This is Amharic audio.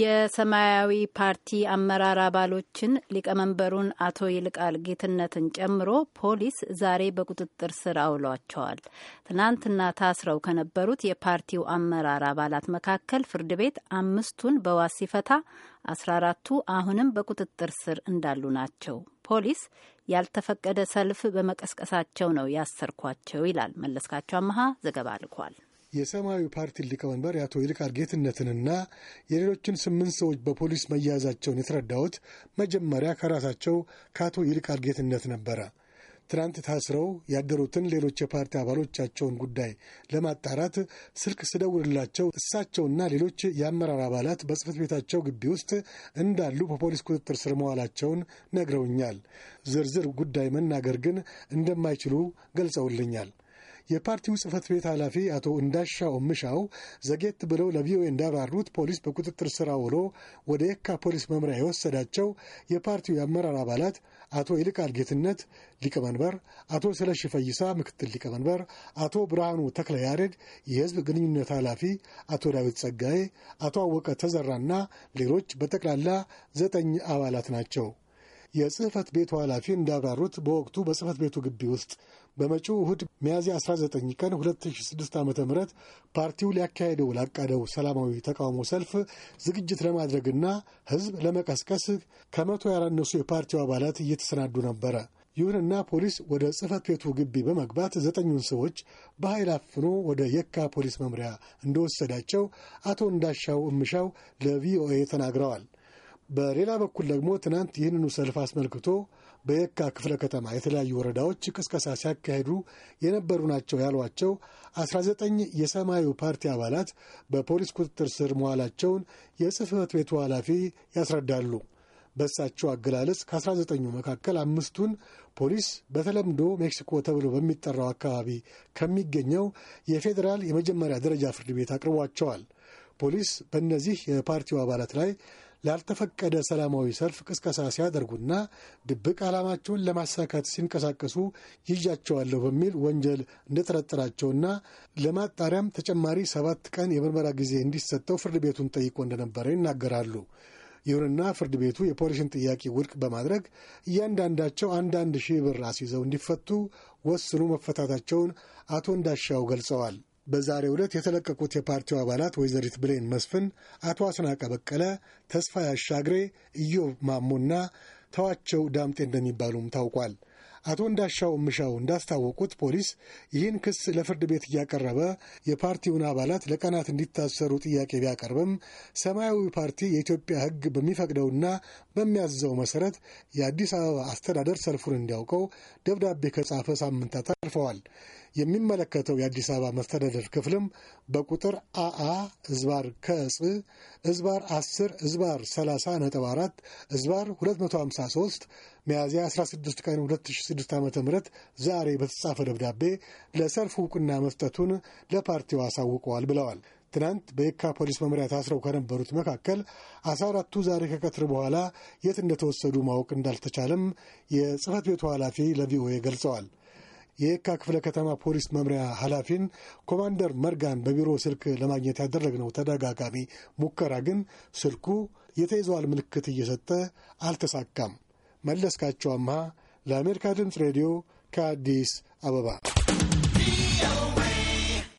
የሰማያዊ ፓርቲ አመራር አባሎችን ሊቀመንበሩን አቶ ይልቃል ጌትነትን ጨምሮ ፖሊስ ዛሬ በቁጥጥር ስር አውሏቸዋል። ትናንትና ታስረው ከነበሩት የፓርቲው አመራር አባላት መካከል ፍርድ ቤት አምስቱን በዋስ ሲፈታ አስራ አራቱ አሁንም በቁጥጥር ስር እንዳሉ ናቸው። ፖሊስ ያልተፈቀደ ሰልፍ በመቀስቀሳቸው ነው ያሰርኳቸው ይላል መለስካቸው አመሃ ዘገባ ልኳል። የሰማያዊ ፓርቲ ሊቀመንበር የአቶ ይልቃል ጌትነትንና የሌሎችን ስምንት ሰዎች በፖሊስ መያዛቸውን የተረዳሁት መጀመሪያ ከራሳቸው ከአቶ ይልቃል ጌትነት ነበረ። ትናንት ታስረው ያደሩትን ሌሎች የፓርቲ አባሎቻቸውን ጉዳይ ለማጣራት ስልክ ስደውልላቸው እሳቸውና ሌሎች የአመራር አባላት በጽህፈት ቤታቸው ግቢ ውስጥ እንዳሉ በፖሊስ ቁጥጥር ስር መዋላቸውን ነግረውኛል። ዝርዝር ጉዳይ መናገር ግን እንደማይችሉ ገልጸውልኛል። የፓርቲው ጽህፈት ቤት ኃላፊ አቶ እንዳሻው ምሻው ዘጌት ብለው ለቪኦኤ እንዳብራሩት ፖሊስ በቁጥጥር ስራ ውሎ ወደ የካ ፖሊስ መምሪያ የወሰዳቸው የፓርቲው የአመራር አባላት አቶ ይልቃል ጌትነት ሊቀመንበር፣ አቶ ስለሺ ፈይሳ ምክትል ሊቀመንበር፣ አቶ ብርሃኑ ተክለ ያሬድ የህዝብ ግንኙነት ኃላፊ፣ አቶ ዳዊት ጸጋዬ፣ አቶ አወቀ ተዘራና ሌሎች በጠቅላላ ዘጠኝ አባላት ናቸው። የጽህፈት ቤቱ ኃላፊ እንዳብራሩት በወቅቱ በጽህፈት ቤቱ ግቢ ውስጥ በመጪው እሁድ ሚያዝያ 19 ቀን 2006 ዓ ም ፓርቲው ሊያካሄደው ላቀደው ሰላማዊ ተቃውሞ ሰልፍ ዝግጅት ለማድረግና ህዝብ ለመቀስቀስ ከመቶ ያላነሱ የፓርቲው አባላት እየተሰናዱ ነበረ። ይሁንና ፖሊስ ወደ ጽህፈት ቤቱ ግቢ በመግባት ዘጠኙን ሰዎች በኃይል አፍኖ ወደ የካ ፖሊስ መምሪያ እንደወሰዳቸው አቶ እንዳሻው እምሻው ለቪኦኤ ተናግረዋል። በሌላ በኩል ደግሞ ትናንት ይህንኑ ሰልፍ አስመልክቶ በየካ ክፍለ ከተማ የተለያዩ ወረዳዎች ቅስቀሳ ሲያካሄዱ የነበሩ ናቸው ያሏቸው 19 የሰማያዊ ፓርቲ አባላት በፖሊስ ቁጥጥር ስር መዋላቸውን የጽህፈት ቤቱ ኃላፊ ያስረዳሉ። በእሳቸው አገላለጽ ከ19ኙ መካከል አምስቱን ፖሊስ በተለምዶ ሜክሲኮ ተብሎ በሚጠራው አካባቢ ከሚገኘው የፌዴራል የመጀመሪያ ደረጃ ፍርድ ቤት አቅርቧቸዋል። ፖሊስ በእነዚህ የፓርቲው አባላት ላይ ላልተፈቀደ ሰላማዊ ሰልፍ ቅስቀሳ ሲያደርጉና ድብቅ ዓላማቸውን ለማሳካት ሲንቀሳቀሱ ይዣቸዋለሁ በሚል ወንጀል እንደጠረጠራቸውና ለማጣሪያም ተጨማሪ ሰባት ቀን የምርመራ ጊዜ እንዲሰጠው ፍርድ ቤቱን ጠይቆ እንደነበረ ይናገራሉ። ይሁንና ፍርድ ቤቱ የፖሊስን ጥያቄ ውድቅ በማድረግ እያንዳንዳቸው አንዳንድ ሺህ ብር አስይዘው እንዲፈቱ ወስኑ መፈታታቸውን አቶ እንዳሻው ገልጸዋል። በዛሬ ዕለት የተለቀቁት የፓርቲው አባላት ወይዘሪት ብሌን መስፍን፣ አቶ አስናቀ በቀለ፣ ተስፋ ያሻግሬ፣ ኢዮብ ማሞና ተዋቸው ዳምጤ እንደሚባሉም ታውቋል። አቶ እንዳሻው ምሻው እንዳስታወቁት ፖሊስ ይህን ክስ ለፍርድ ቤት እያቀረበ የፓርቲውን አባላት ለቀናት እንዲታሰሩ ጥያቄ ቢያቀርብም ሰማያዊ ፓርቲ የኢትዮጵያ ሕግ በሚፈቅደውና በሚያዘው መሰረት የአዲስ አበባ አስተዳደር ሰልፉን እንዲያውቀው ደብዳቤ ከጻፈ ሳምንታት አልፈዋል። የሚመለከተው የአዲስ አበባ መስተዳደር ክፍልም በቁጥር አአ እዝባር ከጽ እዝባር 10 እዝባር 30 ነጥብ 4 እዝባር 253 ሚያዝያ 16 ቀን 2006 ዓ ም ዛሬ በተጻፈ ደብዳቤ ለሰልፍ እውቅና መስጠቱን ለፓርቲው አሳውቀዋል ብለዋል። ትናንት በየካ ፖሊስ መምሪያ ታስረው ከነበሩት መካከል አስራ አራቱ ዛሬ ከቀትር በኋላ የት እንደተወሰዱ ማወቅ እንዳልተቻለም የጽህፈት ቤቱ ኃላፊ ለቪኦኤ ገልጸዋል። የየካ ክፍለ ከተማ ፖሊስ መምሪያ ኃላፊን ኮማንደር መርጋን በቢሮ ስልክ ለማግኘት ያደረግነው ተደጋጋሚ ሙከራ ግን ስልኩ የተይዘዋል ምልክት እየሰጠ አልተሳካም። መለስካቸው አምሃ ለአሜሪካ ድምፅ ሬዲዮ ከአዲስ አበባ